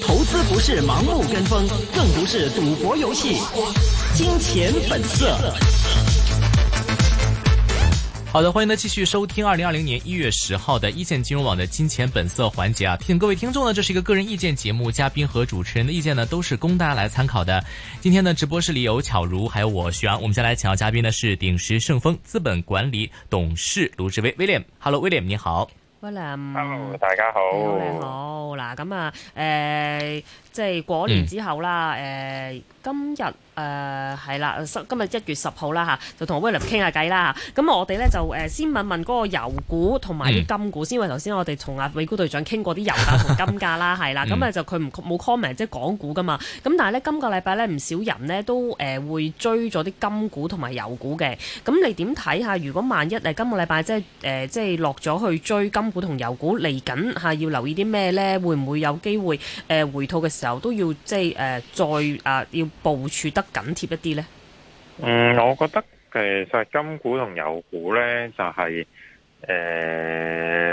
投資不是盲目跟風，更不是賭博遊戲。金錢本色 。好的，歡迎呢繼續收聽二零二零年一月十號的一線金融網的《金錢本色》環節啊！提醒各位聽眾呢，這是一個個人意見節目，嘉賓和主持人的意見呢，都是供大家來參考的。今天呢，直播室裏有巧如，還有我徐昂，我們接下來請到的嘉賓呢是鼎石盛豐資本管理董事盧志威 （William）。Hello，William，你好。Hello, Hello 大家好。你好，嗱，咁 啊，誒、呃，即係過年之後啦，誒、嗯呃，今日。誒係、嗯、啦，今日一月十號啦嚇，就同 William 傾下偈啦。咁我哋咧就誒先問問嗰個油股同埋啲金股、mm. 先，因為頭先我哋同阿美股隊長傾過啲油價同金價啦，係啦。咁啊、mm. 嗯、就佢冇 comment 即係講股噶嘛。咁但係咧今個禮拜咧唔少人呢都誒、呃、會追咗啲金股同埋油股嘅。咁你點睇下？如果萬一誒今個禮拜即係誒即係落咗去追金股同油股，嚟緊嚇要留意啲咩咧？會唔會有機會誒、呃、回吐嘅時候都要即係誒、呃、再啊、呃、要部署得？緊貼一啲呢，嗯，我覺得其實金股同油股呢，就係、是、誒、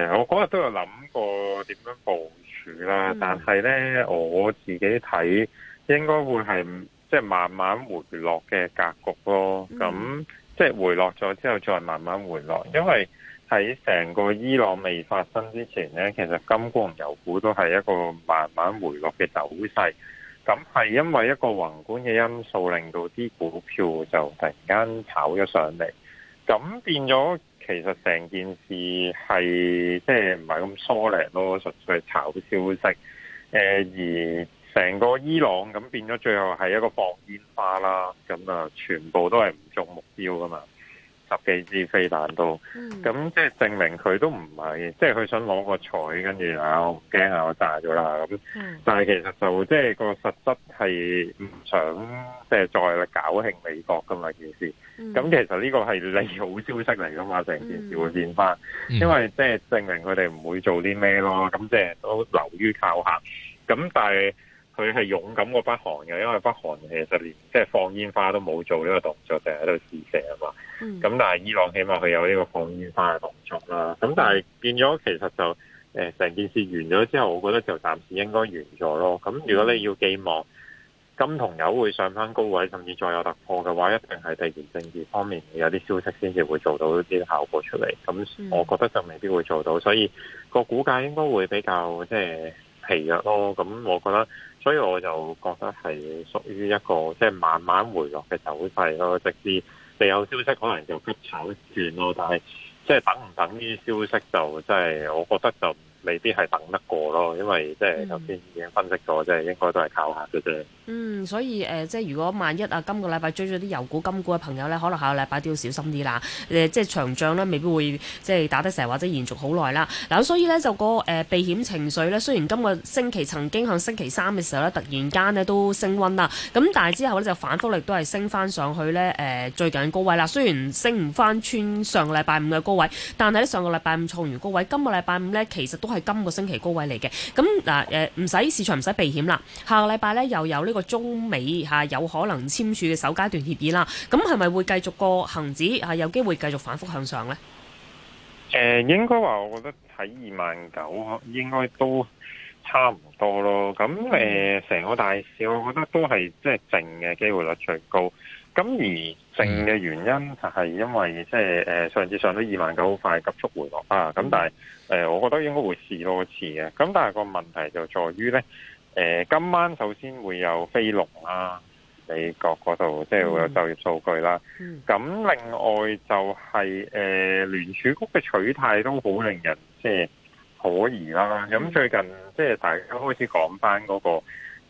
呃，我嗰日都有諗過點樣部署啦，嗯、但係呢，我自己睇，應該會係即係慢慢回落嘅格局咯。咁即係回落咗之後，再慢慢回落。因為喺成個伊朗未發生之前呢，其實金股同油股都係一個慢慢回落嘅走勢。咁係因為一個宏觀嘅因素，令到啲股票就突然間炒咗上嚟，咁變咗其實成件事係即係唔係咁疏 o l i 咯，純粹係炒消息。誒、呃，而成個伊朗咁變咗，最後係一個博煙花啦，咁啊，全部都係唔中目標噶嘛。十幾支飛彈都，咁、嗯、即係證明佢都唔係，即係佢想攞個彩，跟住啊，我唔驚啊，我炸咗啦咁。嗯、但係其實就即係、個實質係唔想即係再搞慶美國噶嘛件事。咁其實呢個係利好消息嚟噶嘛，成件事會變翻，嗯、因為即係證明佢哋唔會做啲咩咯。咁即係都流於靠吓。咁但係。佢係勇敢過北韓嘅，因為北韓其實連即係放煙花都冇做呢個動作，就係喺度試射啊嘛。咁、嗯、但係伊朗起碼佢有呢個放煙花嘅動作啦。咁、嗯、但係變咗其實就誒成、呃、件事完咗之後，我覺得就暫時應該完咗咯。咁、嗯、如果你要寄望金銅油會上翻高位，甚至再有突破嘅話，一定係地緣政治方面有啲消息先至會做到一啲效果出嚟。咁我覺得就未必會做到，所以個股價應該會比較即係。係啊，咯，咁我覺得，所以我就覺得係屬於一個即係慢慢回落嘅走勢咯。直至你有消息，可能就激炒轉咯，但係即係等唔等於消息，就即係我覺得就未必係等得過咯，因為即係首先已經分析咗，即係應該都係靠下嘅啫。嗯，所以誒、呃，即係如果萬一啊，今個禮拜追咗啲油股、金股嘅朋友呢，可能下個禮拜都要小心啲啦、呃。即係長漲呢，未必會即係打得成或者延續好耐啦。嗱、啊，所以呢就、那個誒、呃、避險情緒呢，雖然今個星期曾經向星期三嘅時候呢，突然間呢都升溫啦。咁但係之後呢，就反覆力都係升翻上去呢。誒、呃，最近高位啦，雖然升唔翻穿上個禮拜五嘅高位，但係咧上個禮拜五創完高位，今個禮拜五呢其實都。係今個星期高位嚟嘅，咁嗱誒，唔使市場唔使避險啦。下個禮拜咧又有呢個中美吓有可能簽署嘅首階段協議啦。咁係咪會繼續個恒指啊有機會繼續反覆向上咧？誒，應該話我覺得喺二萬九，應該都差唔多咯。咁誒，成個大市，我覺得都係即係淨嘅機會率最高。咁而淨嘅原因就係因為即係誒，上次上到二萬九，好快急速回落啊。咁但係。誒，我覺得應該會試多次嘅，咁但係個問題就在於呢，誒、呃，今晚首先會有飛龍啦，美國嗰度即係會有就業數據啦，咁、嗯、另外就係誒聯儲局嘅取態都好令人即係、就是、可疑啦。咁、嗯、最近即係大家開始講翻嗰個、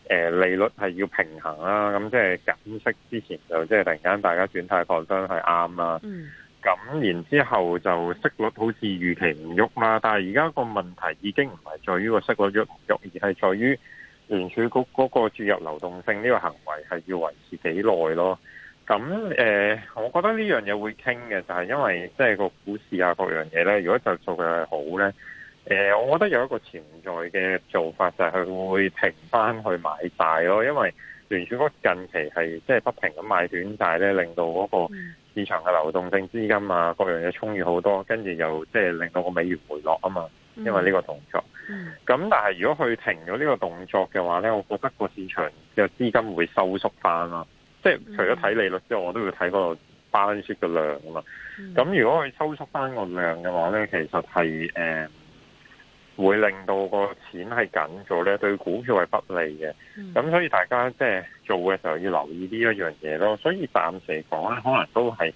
呃、利率係要平衡啦，咁即係減息之前就即係突然間大家轉態放張係啱啦。嗯咁，然之後就息率好似預期唔喐嘛，但係而家個問題已經唔係在於個息率喐唔喐，而係在於聯儲局嗰個注入流動性呢個行為係要維持幾耐咯。咁、嗯、誒、呃，我覺得呢樣嘢會傾嘅，就係、是、因為即係個股市啊各樣嘢呢，如果就做嘅係好呢，誒、呃，我覺得有一個潛在嘅做法就係佢會停翻去買債咯，因為。聯儲局近期係即係不停咁賣短債咧，令到嗰個市場嘅流動性資金啊，各樣嘢充裕好多，跟住又即係令到個美元回落啊嘛。因為呢個動作，咁但係如果佢停咗呢個動作嘅話咧，我覺得個市場嘅資金會收縮翻咯。即係除咗睇利率之外，我都會睇嗰個 balance 嘅量啊嘛。咁如果佢收縮翻個量嘅話咧，其實係誒、呃，會令到個錢係緊咗咧，對股票係不利嘅。咁、嗯、所以大家即係做嘅時候要留意呢一樣嘢咯。所以暫時嚟講咧，可能都係誒、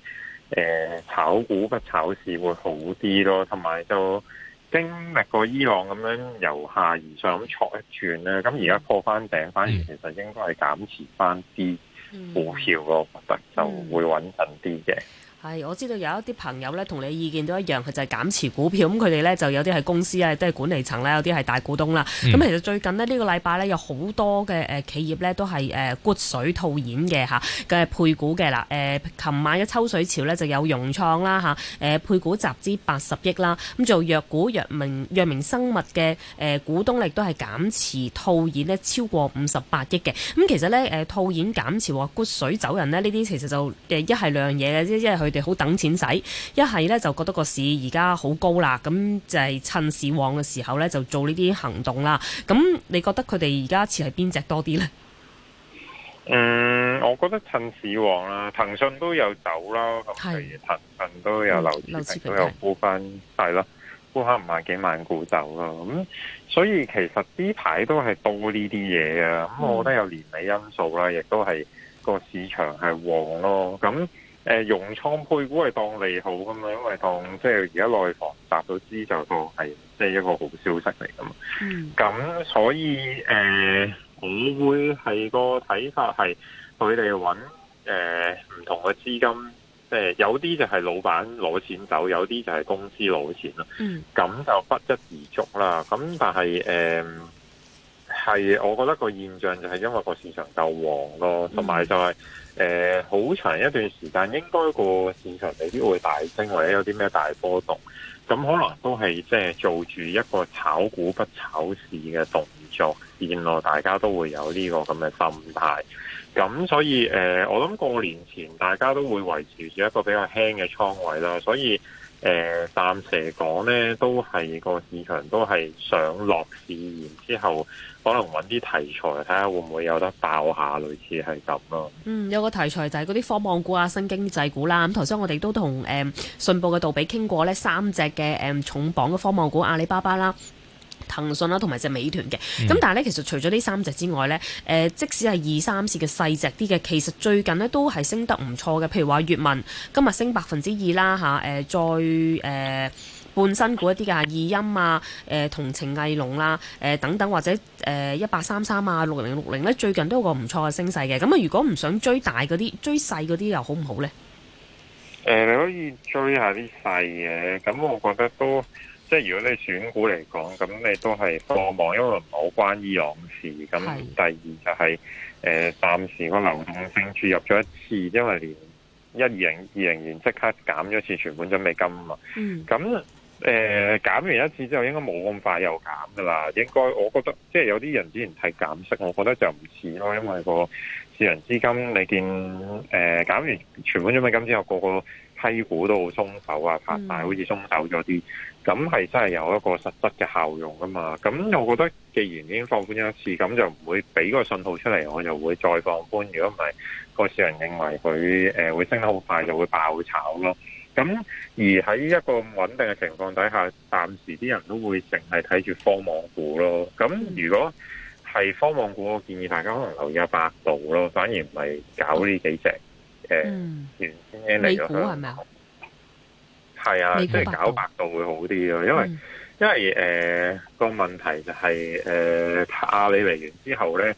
呃，炒股不炒市會好啲咯。同埋就經歷過伊朗咁樣由下而上咁挫一轉咧，咁而家破翻頂，反而其實應該係減持翻啲股票個，覺得、嗯嗯、就會穩陣啲嘅。係，我知道有一啲朋友咧同你意見都一樣，佢就係減持股票，咁佢哋咧就有啲係公司啊，都係管理層啦，有啲係大股東啦。咁其實最近呢，呢個禮拜咧有好多嘅誒企業咧都係誒骨水套現嘅吓嘅配股嘅啦。誒琴晚嘅抽水潮咧就有融創啦，吓，誒配股集資八十億啦。咁做藥股藥明，藥明生物嘅誒股東力，都係減持套現呢，超過五十八億嘅。咁其實咧誒套現減持或骨水走人呢，呢啲其實就誒一係兩樣嘢嘅，即係一佢哋好等錢使，一係呢，就覺得個市而家好高啦，咁就係趁市旺嘅時候呢，就做呢啲行動啦。咁你覺得佢哋而家似係邊隻多啲呢？嗯，我覺得趁市旺啦，啊，騰訊都有走啦，係騰訊都有留意，是嗯，都有沽翻，係咯的，沽下唔係幾萬股走咯。咁所以其實呢排都係多呢啲嘢啊。咁我覺得有年尾因素啦，亦都係個市場係旺咯。咁誒、呃、融創配股係當利好㗎嘛，因為當即係而家內房集到資就當係即係一個好消息嚟㗎嘛。咁、嗯、所以誒，我、呃、會係個睇法係佢哋揾誒唔同嘅資金，即、呃、係有啲就係老闆攞錢走，有啲就係公司攞錢咯。咁、嗯、就不一而足啦。咁但係誒。呃係，我覺得個現象就係因為個市場夠旺咯，同埋、嗯、就係誒好長一段時間，應該個市場未必會大升，或者有啲咩大波動，咁可能都係即係做住一個炒股不炒市嘅動作線咯。現大家都會有呢個咁嘅心態，咁所以誒、呃，我諗過年前大家都會維持住一個比較輕嘅倉位啦。所以誒、呃，暫時嚟講呢，都係個市場都係上落市，然之後。可能揾啲題材睇下會唔會有得爆下，類似係咁咯。嗯，有個題材就係嗰啲科網股啊、新經濟股啦、啊。咁頭先我哋都同誒、嗯、信報嘅杜比傾過呢三隻嘅誒重磅嘅科網股、啊、阿里巴巴啦、騰訊啦，同埋隻美團嘅。咁、嗯、但係呢，其實除咗呢三隻之外呢，誒即使係二三線嘅細隻啲嘅，其實最近呢都係升得唔錯嘅。譬如話閱文今日升百分之二啦，吓誒再誒。呃再呃半新股一啲嘅，二音啊，誒、呃、同程藝龍啦、啊，誒、呃、等等或者誒一八三三啊，六零六零咧，最近都有個唔錯嘅升勢嘅。咁、嗯、啊，如果唔想追大嗰啲，追細嗰啲又好唔好咧？誒、呃，你可以追下啲細嘅。咁我覺得都即係如果你選股嚟講，咁你都係過望，因為唔係好關於伊朗事。咁第二就係、是、誒、呃，暫時個流動性注入咗一次，因為連一二零二零年即刻減咗次存款準備金啊嘛。咁誒，減、呃、完一次之後應該冇咁快又減噶啦，應該我覺得即係有啲人之前睇減息，我覺得就唔似咯，因為個私人資金你見誒減、呃、完全款咗本金之後，個個批股都好鬆手啊，拍晒好似鬆手咗啲，咁係真係有一個實質嘅效用噶嘛。咁我覺得既然已經放寬咗一次，咁就唔會俾個信號出嚟，我就會再放寬。如果唔係個市民認為佢誒、呃、會升得好快，就會爆炒咯。咁而喺一個穩定嘅情況底下，暫時啲人都會淨係睇住科網股咯。咁如果係科網股，我建議大家可能留意下百度咯，反而唔係搞呢幾隻誒全新嚟嘅。美股係咪啊？係啊，即係搞百度會好啲咯，因為、嗯、因為誒個、呃、問題就係誒阿里嚟完之後咧，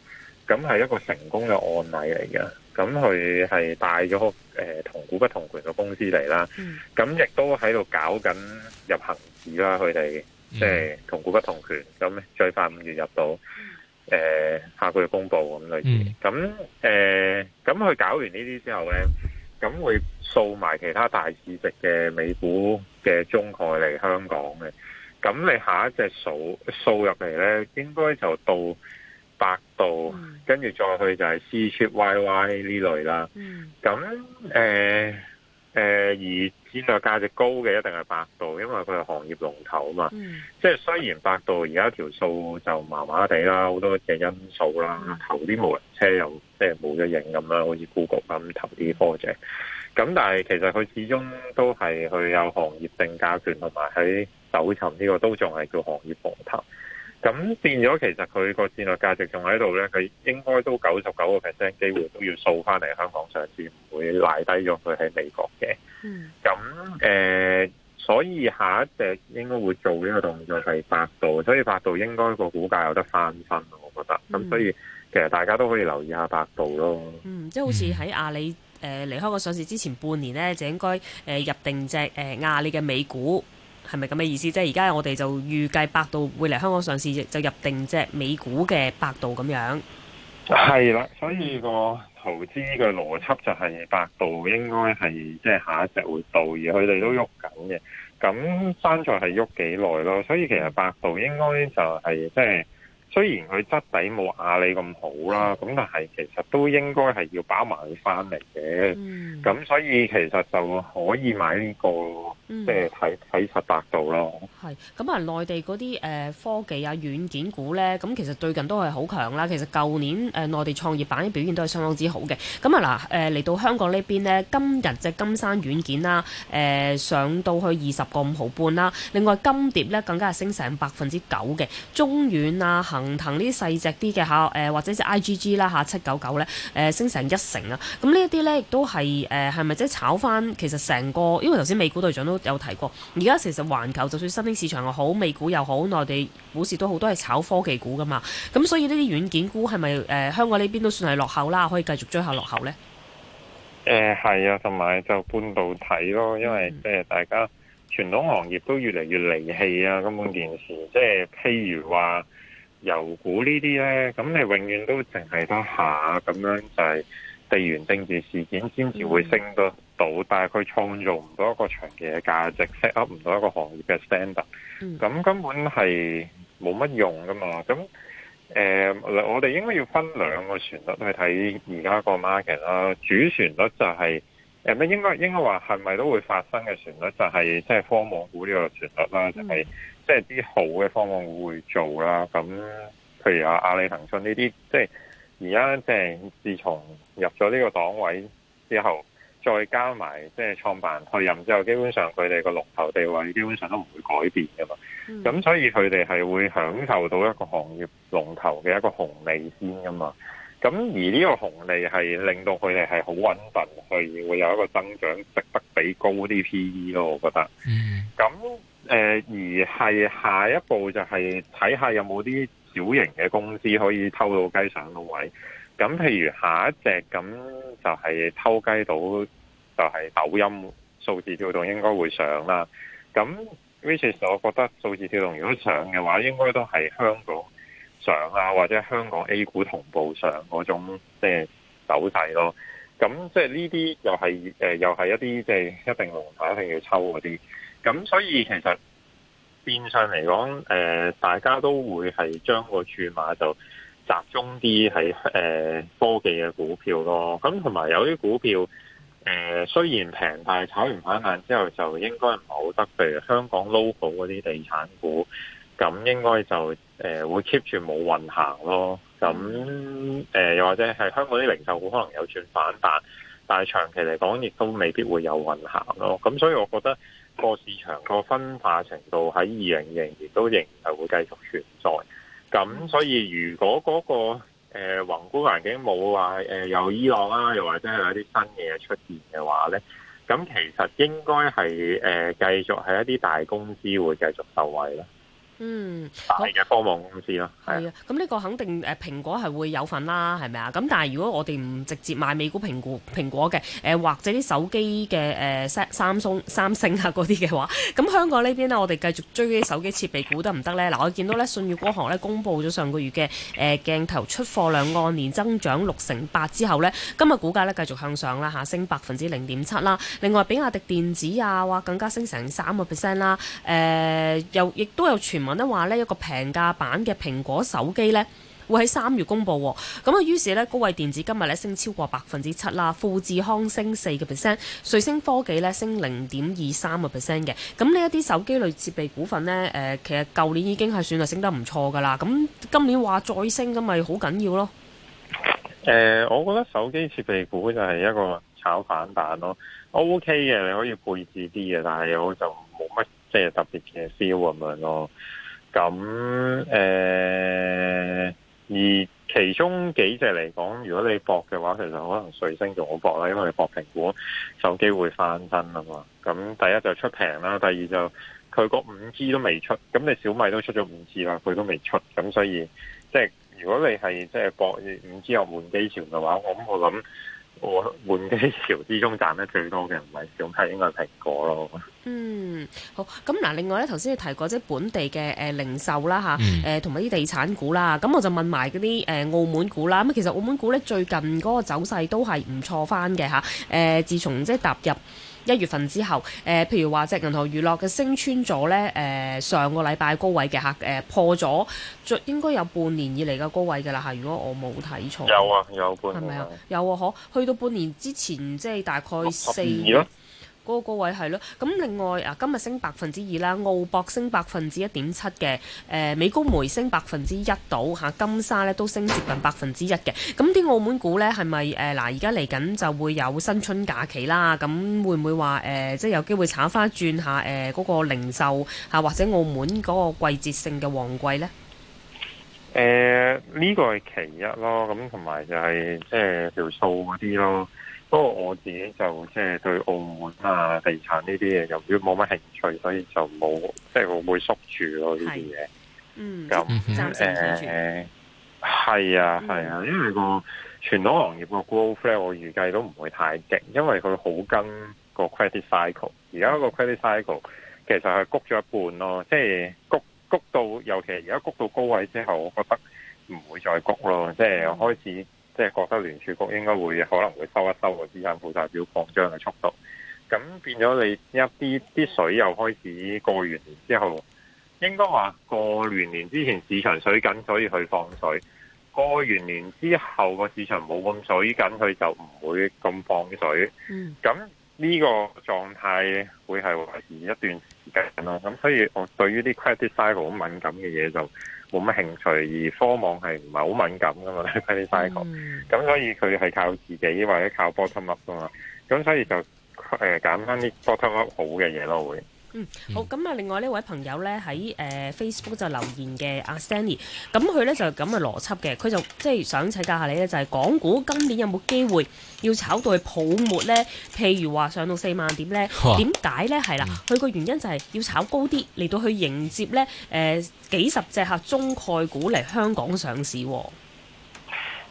咁係一個成功嘅案例嚟嘅。咁佢係帶咗誒同股不同權嘅公司嚟啦，咁亦、嗯、都喺度搞緊入恒指啦，佢哋即係同股不同權，咁最快五月入到誒、呃、下個月公布咁類似，咁誒咁佢搞完呢啲之後咧，咁會掃埋其他大市值嘅美股嘅中概嚟香港嘅，咁你下一隻數掃入嚟咧，應該就到。百度，跟住再去就係 Ctrip、YY 呢類啦。咁誒誒，而戰略價值高嘅一定係百度，因為佢係行業龍頭啊嘛。嗯、即係雖然百度而家條數就麻麻地啦，好多嘅因素啦，投啲無人車又即係冇咗影咁啦，好似 Google 咁投啲科技。咁但係其實佢始終都係佢有行業定價權，同埋喺搜尋呢個都仲係叫行業龍頭。咁變咗，其實佢個戰略價值仲喺度咧，佢應該都九十九個 percent 機會都要掃翻嚟香港上市，唔會賴低咗佢喺美國嘅。嗯。咁誒、呃，所以下一隻應該會做呢個動作係百度，所以百度應該個股價有得翻身，我覺得。咁所以其實大家都可以留意下百度咯。嗯，即係好似喺阿里誒、呃、離開個上市之前半年咧，就應該誒、呃、入定隻誒阿里嘅美股。係咪咁嘅意思？即係而家我哋就預計百度會嚟香港上市，就入定隻美股嘅百度咁樣。係啦，所以個投資嘅邏輯就係百度應該係即係下一隻會到，而佢哋都喐緊嘅。咁爭在係喐幾耐咯，所以其實百度應該就係即係。雖然佢質地冇阿里咁好啦，咁但係其實都應該係要包埋佢翻嚟嘅。咁、嗯、所以其實就可以買呢、呢個，即係睇睇實百度咯。係咁啊，內地嗰啲誒科技啊軟件股咧，咁其實最近都係好強啦。其實舊年誒、呃、內地創業板啲表現都係相當之好嘅。咁啊嗱，誒、呃、嚟到香港呢邊呢，今日隻金山軟件啦，誒、呃、上到去二十個五毫半啦。另外金蝶咧更加係升成百分之九嘅，中軟啊恒騰呢啲細隻啲嘅吓，誒、呃、或者隻 IGG 啦吓七九九咧，誒、呃、升成一成啊！咁呢一啲咧亦都係誒係咪即係炒翻？其實成個因為頭先美股隊長都有提過，而家其實環球就算新興市場又好，美股又好，內地股市好都好多係炒科技股噶嘛。咁所以呢啲軟件股係咪誒香港呢邊都算係落後啦？可以繼續追下落後咧？誒係、呃、啊，同埋就半導體咯，因為即係大家傳統行業都越嚟越離棄啊，根本件事即係、就是、譬如話。油股呢啲呢，咁你永遠都淨係得下咁樣，就係、是、地緣政治事件先至會升得到，嗯、但係佢創造唔到一個長期嘅價值，set up 唔到一個行業嘅 standard，咁根本係冇乜用㗎嘛。咁誒、呃，我哋應該要分兩個旋律去睇而家個 market 啦。主旋律就係誒咩？應該應該話係咪都會發生嘅旋律，就係即係科網股呢個旋律啦，就係、是。嗯即係啲好嘅方案會做啦，咁譬如阿阿里、騰訊呢啲，即係而家即係自從入咗呢個黨位之後，再加埋即係創辦退任之後，基本上佢哋個龍頭地位基本上都唔會改變噶嘛。咁、嗯、所以佢哋係會享受到一個行業龍頭嘅一個紅利先噶嘛。咁而呢個紅利係令到佢哋係好穩陣去，會有一個增長，值得俾高啲 P E 咯。我覺得，咁、嗯。誒，而係下一步就係睇下有冇啲小型嘅公司可以偷到雞上到位。咁譬如下一隻咁就係偷雞到，就係抖音數字跳動應該會上啦。咁 r i 其實我覺得數字跳動如果上嘅話，應該都係香港上啊，或者香港 A 股同步上嗰種即係、就是、走勢咯。咁即係呢啲又係誒、呃，又係一啲即係一定龍頭一定要抽嗰啲。咁所以其實變相嚟講，誒、呃，大家都會係將個注碼就集中啲喺誒科技嘅股票咯。咁同埋有啲股票，誒、呃，雖然平，但係炒完反彈之後就應該唔係好得。譬如香港 local 嗰啲地產股，咁應該就誒、呃、會 keep 住冇運行咯。咁誒又或者係香港啲零售股可能有轉反彈，但係長期嚟講亦都未必會有運行咯。咁所以我覺得。個市場個分化程度喺二零二零年都仍然係會繼續存在，咁所以如果嗰、嗰個宏觀環境冇話誒、呃、有伊朗啦，又或者係有一啲新嘢出現嘅話呢，咁其實應該係誒繼續係一啲大公司會繼續受惠啦。嗯，大嘅科望公司啦，係啊，咁、嗯、呢、這個肯定誒、呃、蘋果係會有份啦，係咪啊？咁但係如果我哋唔直接買美股蘋果蘋果嘅誒、呃，或者啲手機嘅誒三星三星啊嗰啲嘅話，咁、呃、香港呢邊呢，我哋繼續追啲手機設備股得唔得呢？嗱，我見到呢舜宇光學咧，公布咗上個月嘅誒鏡頭出貨量按年增長六成八之後呢，今日股價呢，繼續向上啦，下升百分之零點七啦。另外，比亞迪電子啊，哇，更加升成三個 percent 啦。誒、啊呃，又亦都有傳。講得話咧，一個平價版嘅蘋果手機呢，會喺三月公布。咁啊，於是呢，高偉電子今日咧升超過百分之七啦，富智康升四個 percent，瑞聲科技呢升零點二三個 percent 嘅。咁呢一啲手機類設備股份呢，誒，其實舊年已經係算係升得唔錯噶啦。咁今年話再升咁，咪好緊要咯。誒，我覺得手機設備股就係一個炒反彈咯，O K 嘅，你可以配置啲嘅，但係我就冇乜。即係特別嘅 feel 咁樣咯，咁、呃、誒，而其中幾隻嚟講，如果你博嘅話，其實可能瑞聲仲好博啦，因為你博蘋果，手機會翻身啊嘛。咁第一就出平啦，第二就佢個五 G 都未出，咁你小米都出咗五 G 啦，佢都未出，咁所以即係如果你係即係博五 G 又換機潮嘅話，我咁我諗。我、哦、換機潮之中賺得最多嘅唔係小米，應該係蘋果咯。嗯，好。咁嗱，另外咧，頭先你提過即係本地嘅誒、呃、零售啦嚇，誒同埋啲地產股啦。咁、嗯嗯、我就問埋嗰啲誒澳門股啦。咁其實澳門股咧最近嗰個走勢都係唔錯翻嘅嚇。誒、呃，自從即係踏入。一月份之後，誒、呃、譬如話隻銀河娛樂嘅升穿咗咧，誒、呃、上個禮拜高位嘅嚇，誒、呃、破咗，應該有半年以嚟嘅高位嘅啦嚇。如果我冇睇錯，有啊，有半，係咪啊？有可、啊、去到半年之前，即係大概四嗰個位係咯，咁另外啊，今日升百分之二啦，澳博升百分之一點七嘅，誒美高梅升百分之一度嚇，金沙咧都升接近百分之一嘅，咁啲澳門股呢，係咪誒嗱而家嚟緊就會有新春假期啦，咁會唔會話誒、呃、即係有機會炒翻轉下誒嗰個零售嚇或者澳門嗰個季節性嘅旺季呢？誒呢、呃呢個係其一咯，咁同埋就係即係條數嗰啲咯。不過我自己就即係對澳門啊、地產呢啲嘢就冇乜興趣，所以就冇即係我會縮住咯呢啲嘢。嗯，咁誒係啊係啊，啊嗯、因為個傳統行業個 growth 我預計都唔會太勁，因為佢好跟個 credit cycle。而家個 credit cycle 其實係谷咗一半咯，即係谷谷到，尤其係而家谷到高位之後，我覺得唔會再谷咯，即係、嗯、開始。即係覺得聯儲局應該會可能會收一收個資產負債表擴張嘅速度，咁變咗你一啲啲水又開始過完年之後，應該話過完年之前市場水緊，所以去放水；過完年之後個市場冇咁水緊，佢就唔會咁放水。嗯，咁呢個狀態會係維持一段時間咯。咁所以我對於啲 credit cycle 敏感嘅嘢就～冇乜興趣，而科網係唔係好敏感㗎嘛？呢啲 cycle，咁所以佢係靠自己或者靠 bottom up 㗎嘛，咁所以就誒揀翻啲 bottom up 好嘅嘢咯會。嗯，好咁啊！另外呢位朋友咧喺誒 Facebook 就留言嘅阿、啊、Stanley，咁佢咧就咁嘅邏輯嘅，佢就即係想請教下你咧，就係、是、港股今年有冇機會要炒到去泡沫咧？譬如話上到四萬點咧，點解咧？係啦，佢個、嗯、原因就係要炒高啲嚟到去迎接咧誒、呃、幾十隻客中概股嚟香港上市、啊。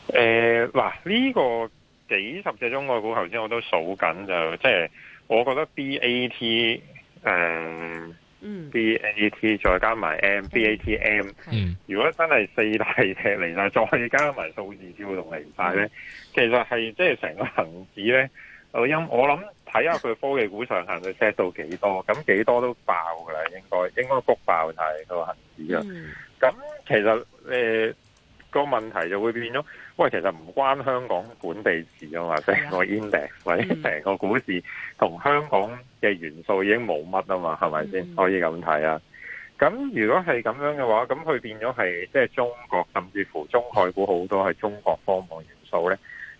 誒嗱、呃，呢、這個幾十隻中概股，頭先我都數緊就即係，我覺得 BAT。誒、um,，B A T、mm. 再加埋 M B A T M，、mm. 如果真係四大車嚟晒，再加埋數字跳動嚟晒咧，mm. 其實係即係成個恒指咧，我因我諗睇下佢科技股上限 set 到幾多，咁幾多都爆噶啦，應該應該谷爆係個恒指啊，咁、mm. 嗯嗯、其實誒。呃個問題就會變咗，喂，其實唔關香港本地市啊嘛，成個 index 或者成個股市同香港嘅元素已經冇乜啊嘛，係咪先？可以咁睇啊？咁如果係咁樣嘅話，咁佢變咗係即係中國，甚至乎中海股好多係中國科網元素咧。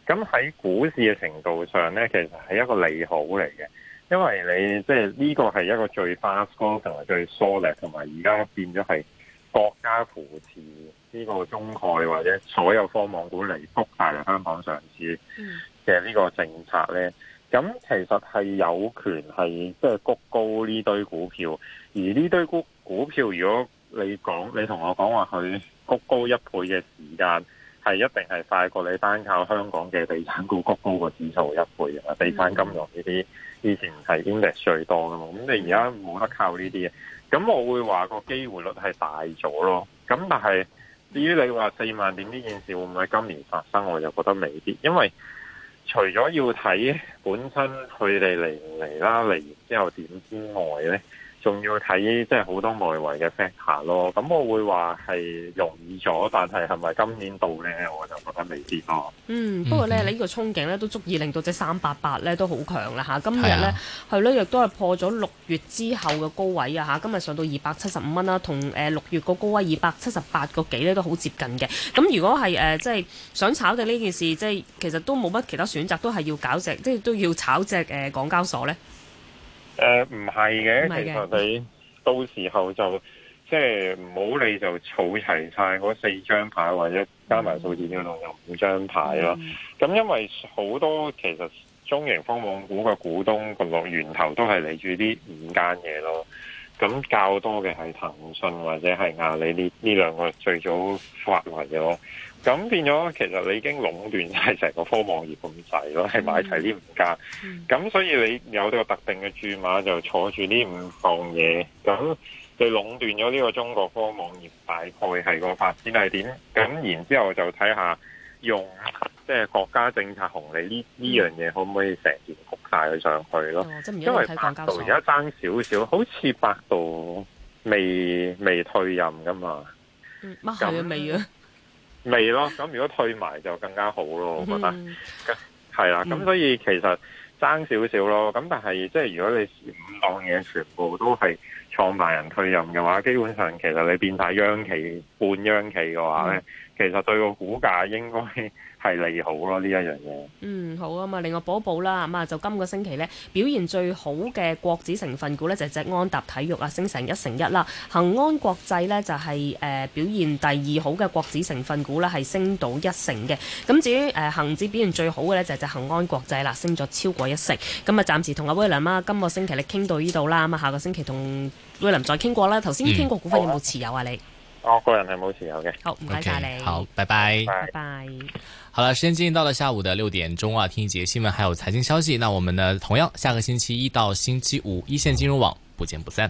咁喺股市嘅程度上咧，其實係一個利好嚟嘅，因為你即係呢個係一個最 fast growth、最 solid，同埋而家變咗係國家扶持。呢個中概或者所有科網股嚟，復牌喺香港上市嘅呢個政策呢，咁其實係有權係即係谷高呢堆股票，而呢堆股股票，如果你講你同我講話佢谷高一倍嘅時間，係一定係快過你單靠香港嘅地產股谷高個指數一倍啊！地產金融呢啲以前係已經跌最多嘅嘛，咁你而家冇得靠呢啲嘅，咁我會話個機會率係大咗咯，咁但係。至於你話四萬點呢件事會唔會今年發生，我就覺得未必，因為除咗要睇本身佢哋嚟唔嚟啦，嚟完之後點之外咧。仲要睇即係好多外圍嘅 factor 咯，咁我會話係容易咗，但係係咪今年度呢？我就覺得未必咯。嗯，不過呢，嗯、你呢個憧憬呢都足以令到隻三八八呢都好強啦嚇。今日呢，係咧亦都係破咗六月之後嘅高位啊嚇。今日上到二百七十五蚊啦，同誒六月個高位二百七十八個幾呢都好接近嘅。咁如果係誒即係想炒定呢件事，即係其實都冇乜其他選擇，都係要搞隻即係都要炒隻誒港交所呢。誒，唔係嘅，其實你到時候就、嗯、即係唔好，你就儲齊晒嗰四張牌，或者加埋數字呢度有五張牌咯。咁、嗯、因為好多其實中型科網股嘅股東個源頭都係嚟自呢五間嘢咯。咁較多嘅係騰訊或者係阿里呢呢兩個最早發圍嘅咯。咁變咗，其實你已經壟斷晒成個科網業咁滯咯，係、嗯、買齊呢五家。咁、嗯、所以你有呢個特定嘅注碼，就坐住呢五項嘢。咁你壟斷咗呢個中國科網業，大概係個發展係點？咁、嗯、然之後就睇下用即係、就是、國家政策紅利呢呢、嗯、樣嘢，可唔可以成段撲晒佢上去咯？嗯嗯、因為百度而家爭少少，好似百度未未退任㗎嘛。乜未啊？那未咯，咁如果退埋就更加好咯，我覺得係啦，咁 所以其實爭少少咯，咁但係即係如果你五檔嘢全部都係。創辦人退任嘅話，基本上其實你變大央企、半央企嘅話呢，其實對個股價應該係利好咯呢一樣嘢。嗯，好啊嘛，另外補一補啦，咁啊就今個星期呢，表現最好嘅國指成分股呢，就係隻安踏體育啊，升成一成一啦。恒安國際呢，就係誒表現第二好嘅國指成分股咧，係升到一成嘅。咁至於誒恆指表現最好嘅呢，就係隻恒安國際啦，升咗超過一成。咁啊，暫時同阿威廉啊，今個星期你傾到呢度啦。咁啊，下個星期同。偉林再傾過啦。頭先傾過股份有冇持有啊你？你哦，個人係冇持有嘅。好，唔該晒你。Okay, 好，拜拜。拜拜 bye。Bye bye。好啦，時間進行到了下午的六點鐘啊，聽一節新聞，還有財經消息。那我們呢，同樣下個星期一到星期五，一線金融網不見不散。